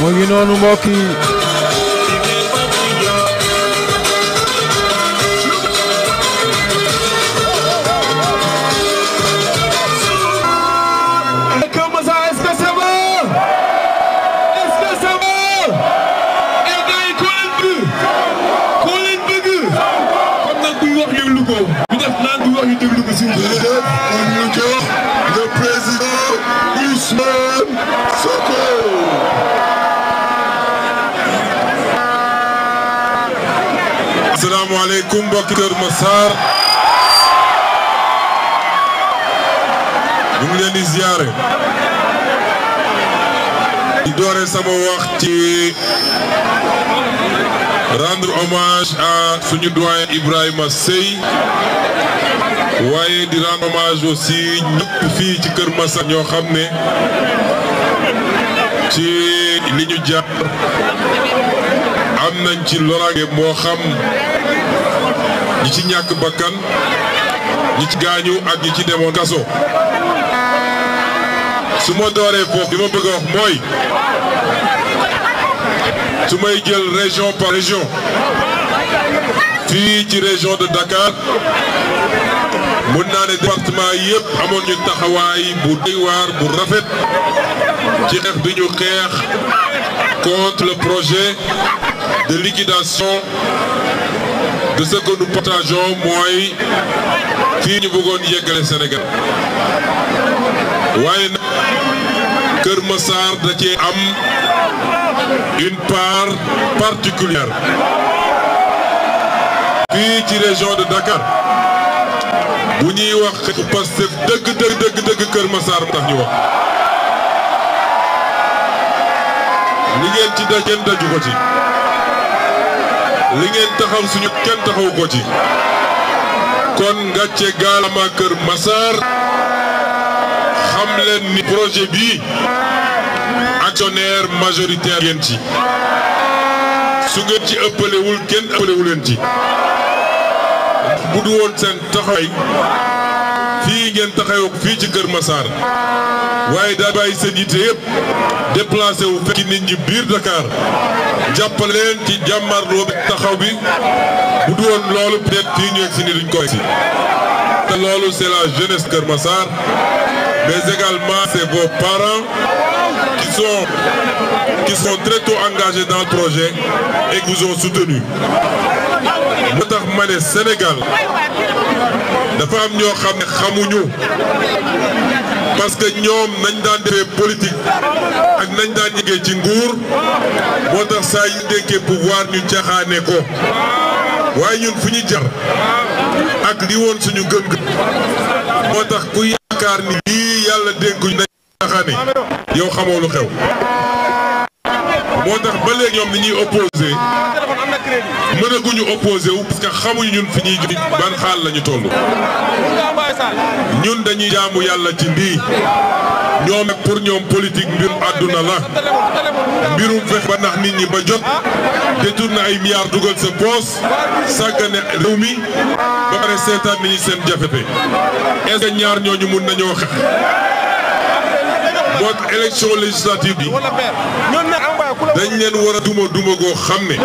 mu ngi noonu mbokk yi déglu ko ñu def naan di wax ñu déglu ko si wu. on nous jox le président Ousmane Sonko. asalaamaaleykum mbokki Kër Massar. ñu ngi leen di ziare. di doore sama wax ci. rendre hommage à suñu doyen Ibrahima Sey waaye di rendre hommage aussi ñëpp fii ci Kër Massar ñoo xam ne ci li ñu jàpp am nañ ci loraange moo xam ñi ci ñàkk bakkan ñi ci gaañu ak ñi ci demoon kaso su ma dooree foofu li ma bëgg mooy su may jël région par région fii ci région de Dakar mun naa ne département yëpp amoon ñu taxawaay bu doy waar bu rafet ci xeex bi ñu xeex contre le projet de liquidation de ce que mooy fii ñu bëggoon yeggale Sénégal waaye nag Kër Massar da cee am. une part particulière fii ci région de Dakar bu ñuy wax xeetu Pastef dëgg dëgg dëgg dëgg Kër Massar tax ñu wax li ngeen ci da kenn daju ko ci li ngeen taxaw suñu kenn taxaw ko ci kon ngàcce gaalama Kër Massar xam leen ni projet bii actionnaire majoritaire ngeen ci su ngeen ci ëppalewul kenn ëppalewu leen ci bu du woon seen taxaway fii ngeen taxawoo fii ci Kër Massar waaye daa bàyyi seen yitte yëpp déplacé wu fekki nit ñi biir Dakar jàppale leen ci jàmmarloo bi taxaw bi bu du woon loolu peut-être fii ñu egg si ni duñ ko si te loolu c'est la Kër Massar mais également c'est sont, qui sont très dans projet et qui vous moo tax ma ne Sénégal dafa am ñoo xam ne xamuñu parce que ñoom nañ daan defee politique ak nañ daan yeggee ci nguur moo tax saa yu dénkee pouvoir ñu caaxaane ko waaye ñun fu ñu jar ak li woon suñu gëm-gëm moo tax ku yaakaar ni lii yàlla dénkuñu xaani yow xamoo moo tax ba léegi ñoom ni ñuy opposé mënaguñu opposé wu parce que xamuñu ñun fi ñuy jëm ban xaal la toll ñun dañuy jaamu yàlla ci ndii ñoom nag pour ñoom politique mbirum àdduna la mbirum fex ba ndax nit ñi ba jot détourné ay milliards dugal sa poos sàggane réew mi ba pare seetaan nit seen jafete est-ce que ñaar ñooñu mun nañoo xeex donc élection législative bi dañ leen war a duma duma goo xam ne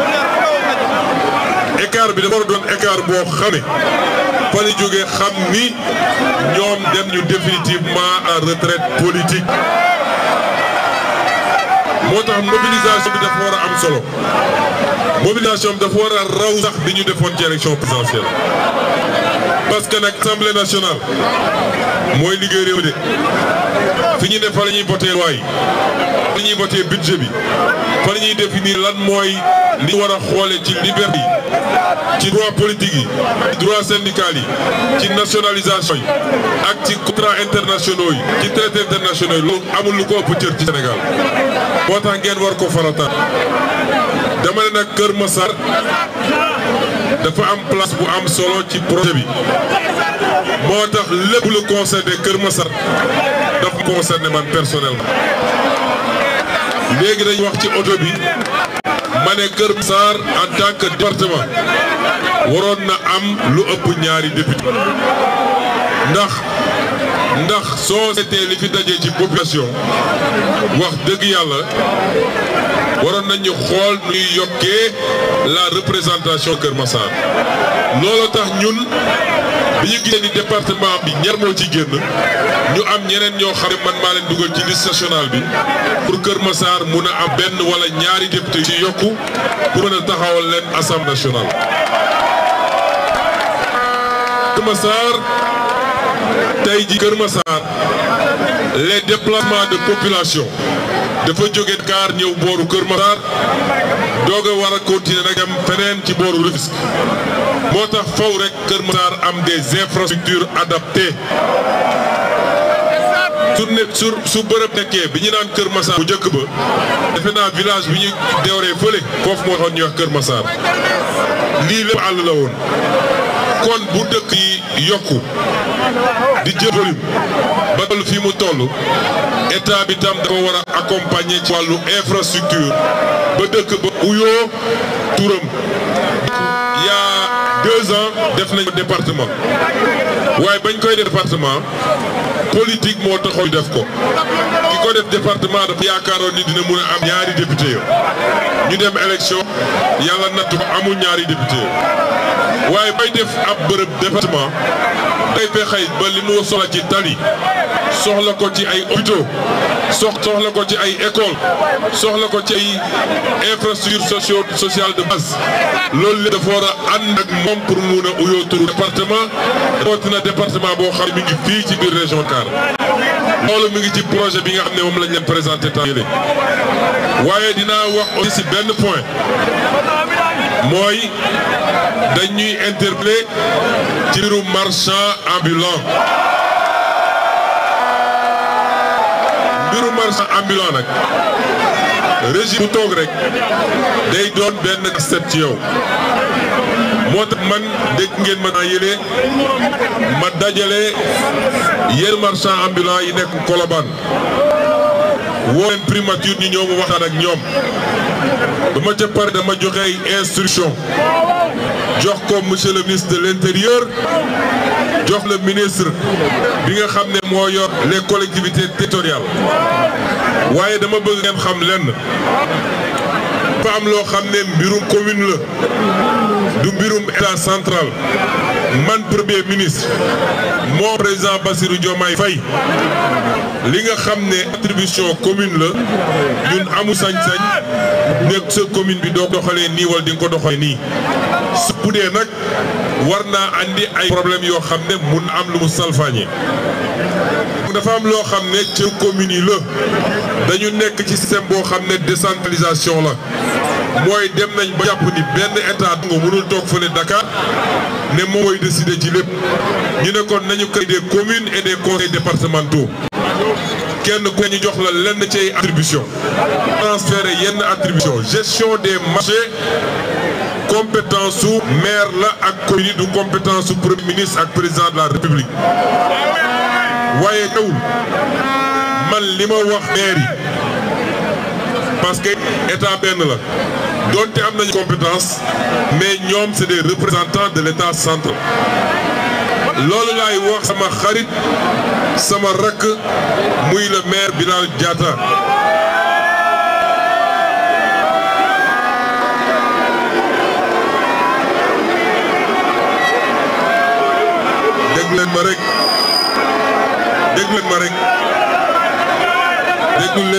écart bi dafa war a doon écart boo xame fa ñu jógee xam ni ñoom dem ñu définitivement à retraite politique moo tax mobilisation bi dafa war a am solo mobilisation bi dafa war a raw sax bi ñu defoon ci élection présidentielle parce que nag assemblée nationale mooy liggéey réew de fi ñu ne fa ñuy boote loi yi fa la ñuy voté budget bi fa la ñuy définir lan mooy li ñu war a xoole ci liberté yi ci droit politique yi ci droit syndical yi ci nationalisation yi ak ci contrat internationaux yi ci traité internationaux yi amul lu ko ëpp cër ci Sénégal moo tax ngeen war ko farataan dama ne nag Kër Massar dafa am place bu am solo ci projet bi moo tax lépp lu concerné Kër Massar dafa concerné man personnellement léegi dañu wax ci oto bi ma ne Kër Massar en tant que département waroon na am lu ëpp ñaari député ndax ndax soo seetee li fi dajee ci population wax dëgg yàlla waroon nañu xool nuy yokkee la représentation Kër Massar loolu tax ñun bi ñu gisee ni département bi ñaar moo ci génn ñu am ñeneen ñoo xam ne man maa leen dugal ci liste nationale bi pour Kër Massar mun a am benn wala ñaari député ci yokku pour mën a taxawal leen assemblée nationale tey ji Kër Massar les déplacements de population dafa jóge kaar ñëw booru Kër Massar doog a war a continuer feneen ci booru Rufisque moo tax faw rek Kër Massar am des infrastructures adaptées su ne su su bërëb nekkee bi ñu naan Kër Massar bu njëkk ba defe naa village bi ñu deewree fële foofu moo taxoon ñuy wax Kër Massar lii lépp àll la woon kon bu dëkk yi yokku di jël ba toll fii mu toll état bi tam dafa war a accompagner ci wàllu infrastructure ba dëkk ba uyoo turam. il y ans def nañ département waaye bañ koy def département moo taxoon def ko ki ko def département dafa yaakaaroon ni dina mun a am ñaari député yo ñu dem élection yàlla nattu ko amul ñaari député yo waaye bay def ab bërëb département. tey pexe ba li mu soxla ci tali soxla ko ci ay hôpitaux soxla ko ci ay école soxla ko ci ay infrastructure socio sociale de base loolu li dafa war a ànd ak moom pour mu a uyoo turu boo xam ne mi ngi fii ci biir région Dakar loolu mi ngi ci projet bi nga xam ne moom lañ leen présenté tàmbali waaye dina wax aussi benn point. mooy dañuy interpellé ci mbirum marchand ambulant mbirum marchand ambulant nag régime bu toog rek day doon benn set ci yow moo tax man dégg ngeen ma yële ma dajale yéen marchand ambulant yi nekk Colobane woo leen primature ñu ñëw mu waxtaan ak ñoom bu ma ca dama joxe ay instruction jox ko monsieur le ministre de l'intérieur jox le ministre bi nga xam ne moo yor les collectivités territoriales waaye dama bëgg ngeen xam lenn dafa am loo xam ne mbirum commune la du mbirum état central man premier ministre moo président Bassirou Diomaye fay li nga xam ne attribution commune la ñun amu sañ-sañ nekk sa commune bi doo doxalee nii wala di ko doxalee nii su dee nag war naa andi ay problème yoo xam ne mun am lu mu salfaañee dafa am loo xam ne ci communes yi la dañu nekk ci système boo xam ne décentralisation la mooy dem nañ ba jàpp ni benn état nga mënul toog fële Dakar ne moom mooy décider ci lépp ñu ne kon nañu créer des communes et des conseils départementaux kenn ku ne ñu jox la lenn ci attribution transférer yenn attribution gestion des marchés compétence su maire la ak commune du compétence su premier ministre ak président de la république waaye tawul man li ma wax maire yi parce que état benn la doonte am nañu compétence mais ñoom c'est des représentants de l'état central loolu laay wax sama xarit sama rakk muy le maire Bilal Diatta dégg leen ma rek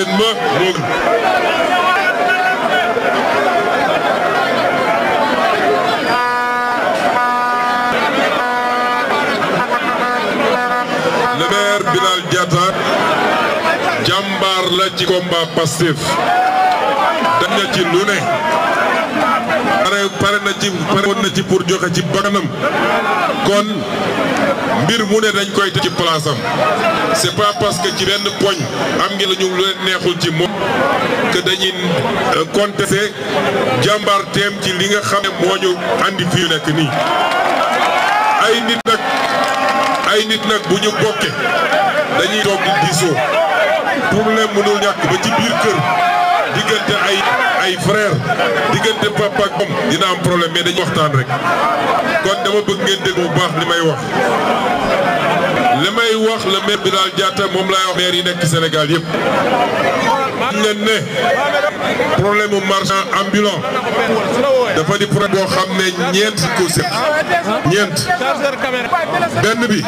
leen ma moo Bilal Diatta jàmbaar la ci combat Pastef ci lu ne pare na ci pare woon na ci pour joxe ci bakkanam kon mbir mu ne dañ koy teg ci place am c'est parce que ci benn poñ am ngi la ñu leen neexul ci moom que dañuy euh, contester jàmbaarteem ci li nga xam ne moo ñu andi fi nekk nii ay nit nag ay nit nag bu ñu bokke dañuy toog di diisoo problème mënul ñàkk ba ci biir kër diggante ay ay frère diggante papa ak dina am problème mais dañuy waxtaan rek kon dama bëgg ngeen dégg bu baax li may wax li may wax le bi Bilal Diatta moom laay wax maire yi nekk Sénégal yëpp ngeen ne problème mu marchand ambulant dafa di problème boo xam ne ñeent ko seq ñeent benn bi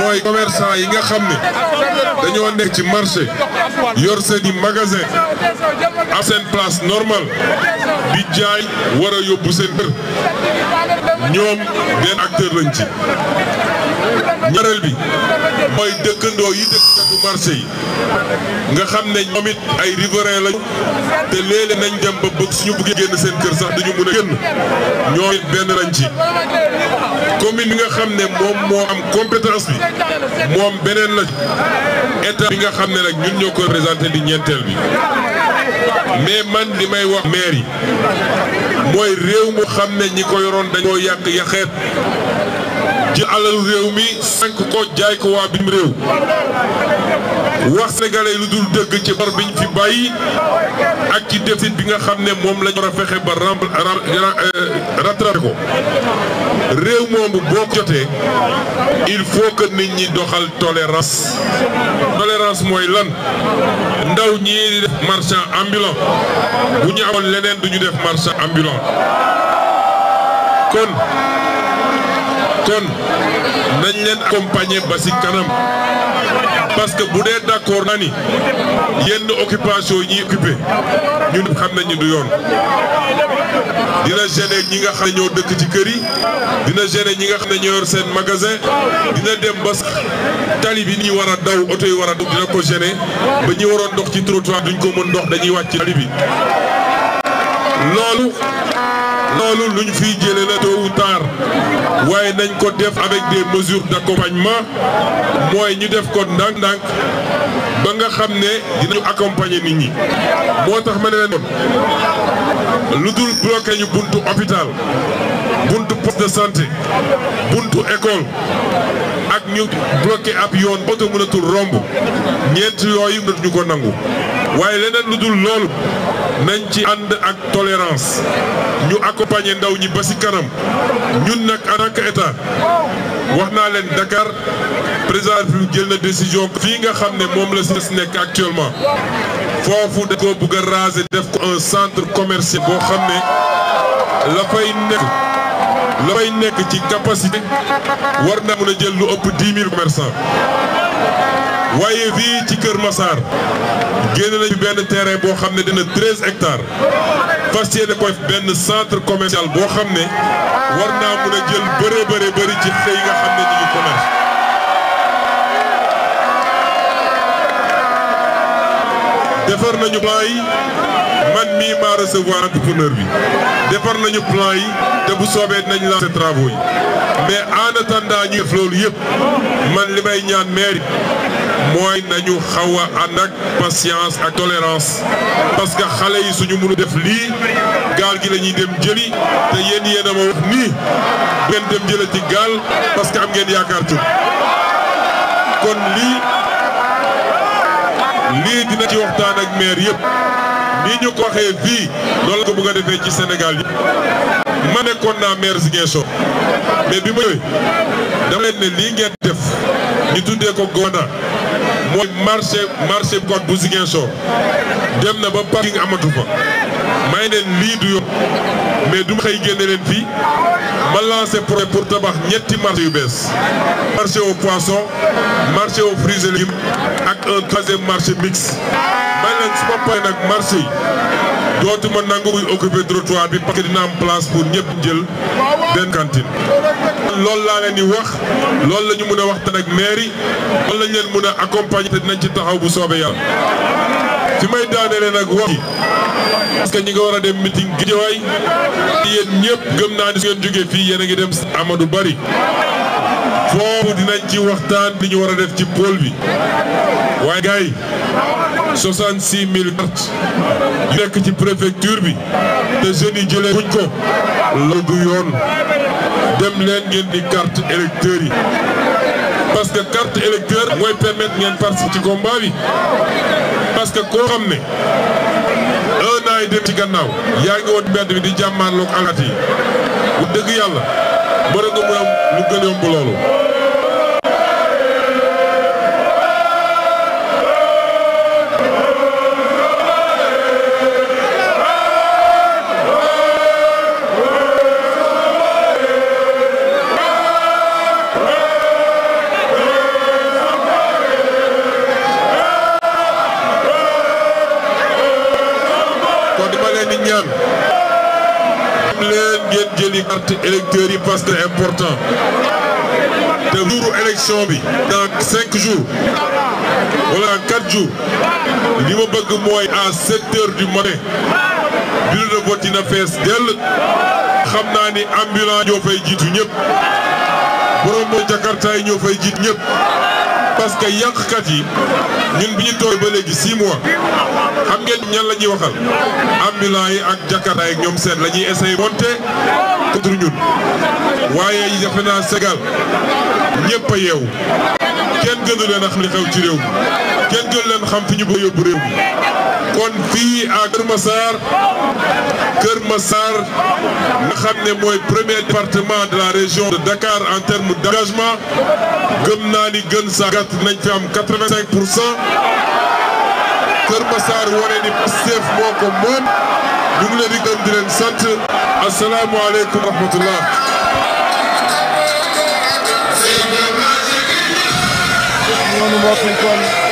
mooy commerçant yi nga xam ne dañoo nekk ci marché yor seeni magasin am seen place normal bi jaay war a yóbbu seen kër ñoom benn ak lañ ci ñaareel bi mooy dëkkandoo yi dëkk catu marché yi nga xam ne ñoom ay riverains lañu te léeg nañ dem ba bëgg suñu bëggee génn seen kër sax duñu mën a génn ñoom benn lañ ci commune bi nga xam ne moom moo am compétence bi moom beneen la état bi nga xam ne nag ñun ñoo ko représenté li ñeenteel bi mais man li may wax maire yi mooy réew mu xam ne ñi ko yoroon dañoo yàq yaxeet alalu réew mi sànq ko jaay ko waa bitim réew wax sénégalais lu dul dëgg ci bar biñ fi bàyyi ak ci déficit bi nga xam ne moom lañu war a fexe ba euh, rattrapé ko réew moomu boo ko jotee il faut que nit ñi doxal tolérance tolérance mooy lan ndaw ñi di def marchand ambulant bu ñu amoon leneen du ñu def marchand ambulant kon kon dañ leen accompagner ba si kanam parce que bu dee d'accord na ni yenn occupation yi ñuy occupé ñun xam nañu du yoon dina gêner ñi nga xam ne ñoo dëkk ci kër yi dina gêner ñi nga xam ne ñoo yor seen magasin dina dem ba tali bi ñi war a daw oto yi war a daw dina ko gêner ba ñi waroon dox ci trottoir duñ ko mën dox dañuy wàcc tali bi loolu loolu luñ fiy jëlee la tôt ou tard waaye nañ ko def avec des mesures d'accompagnement mooy ñu def ko ndànk-ndànk ba nga xam ne dinañu accompagner nit ñi moo tax ma ne leen lu dul bloqué ñu buntu hôpital buntu poste de santé buntu école ak ñu bloqué ab yoon oto mënatul romb ñeent yooyu mënatuñu ko nangu waaye leneen lu dul loolu nañ ci ànd ak tolérance ñu accompagner ndaw ñi ba ci kanam ñun nag en tant état wax naa leen Dakar président République jël na décision fii nga xam ne moom la si nekk actuellement foofu da ko bëgg a def ko un centre commercial boo xam ne la fay nekk la nekk ci capacité war na mën a jël lu ëpp dix mille commerçants. waaye fii ci Kër Massar génn nañu benn terrain boo xam ne dina 13 hectares fas yéene ko benn centre commercial boo xam ne war naa mun a jël bëree bëri bëri ci xëy yi nga xam ne ñu commerce. defar nañu plan yi man mii maa recevoir entrepreneur bi defar nañu plan yi te bu soobee dinañ lancer travaux yi mais en attendant ñu def loolu yëpp man li may ñaan maire mooy nañu xaw a ànd ak patience ak tolérance parce que xale yi suñu mënu def lii gaal gi lañuy ñuy dem jëli te yéen yéen ma wax nii ngeen dem jëlee ci gaal parce que am ngeen yaakaar ci kon lii lii dina ci waxtaan ak maire yëpp nii ñu ko waxee fii loolu la ko bëgg defee ci Sénégal yi ma nekkoon naa maire Ziguinchor mais bi ma ñëwee dama leen lii ngeen def. ñu tuddee ko Gonda mooy marché marché Code bu Ziguinchor dem na ba parking amatu fa may leen lii du yoon mais du ma xëy génne leen fii ma lancé projet pour tabax ñetti marché yu bees marché au poisson marché aux fruits et légumes ak un troisième marché mixte may leen su ma paree nag marché yi dootuma nangu muy occuper trottoir bi parce que dina am place pour ñëpp jël benn cantine. loolu laa leen di wax loolu la ñu mën a waxtaan ak maire yi loolu la leen mën a accompagner te dinañ ci taxaw bu soobee yàlla. fi may daanelee nag wax parce que ñi nga war a dem meeting Guédiawaye yéen ñëpp gëm naa ni su ngeen jógee fii yéen a ngi dem Amadou Bari foofu dinañ ci waxtaan li ñu war a def ci pôle bi waaye gars 66 000 cartes yu nekk ci préfecture bi te jeunes yi jële buñ ko loolu du yoon dem leen ngeen di carte électeurs yi parce que carte électeur mooy permettre ngeen participer ci combat bi parce que koo xam ne un an dem ci gannaaw yaa ngi woon mbedd bi di jàmmaarloog alkaati yi bu dëgg yàlla mën nga mu am lu gën a loolu carte électeurs yi parce que important te jouru élection bi dans cinq jours wala dans quatre jours li ma bëgg mooy à sept heures du matin bureau de vote dina fees dell xam naa ni ambulance ñoo fay jiitu ñëpp borom mooy jakarta yi ñoo fay jiitu ñëpp parce que yàqkat yi ñun bi ñu tooy ba léegi six xam ngeen ñan la ñuy waxal ambulants yi ak jakarta ñoom seen la ñuy essayé te du ñun waaye defe naa Sénégal yeewu kenn gënu a xam li xew ci réew mi kenn gënu leen xam fi ñu bëgg yóbbu réew Kër Massar Kër Massar xam ne mooy premier département de la région de Dakar en termes d'engagement gëm naa ni gën saa gàtt nañ fi am pour cent Kër Massar wane ni Pastef moo ko moom ñu ngi leen di di leen sant. asalaamualeykum wa rahmatullah noonu mbokk yi kon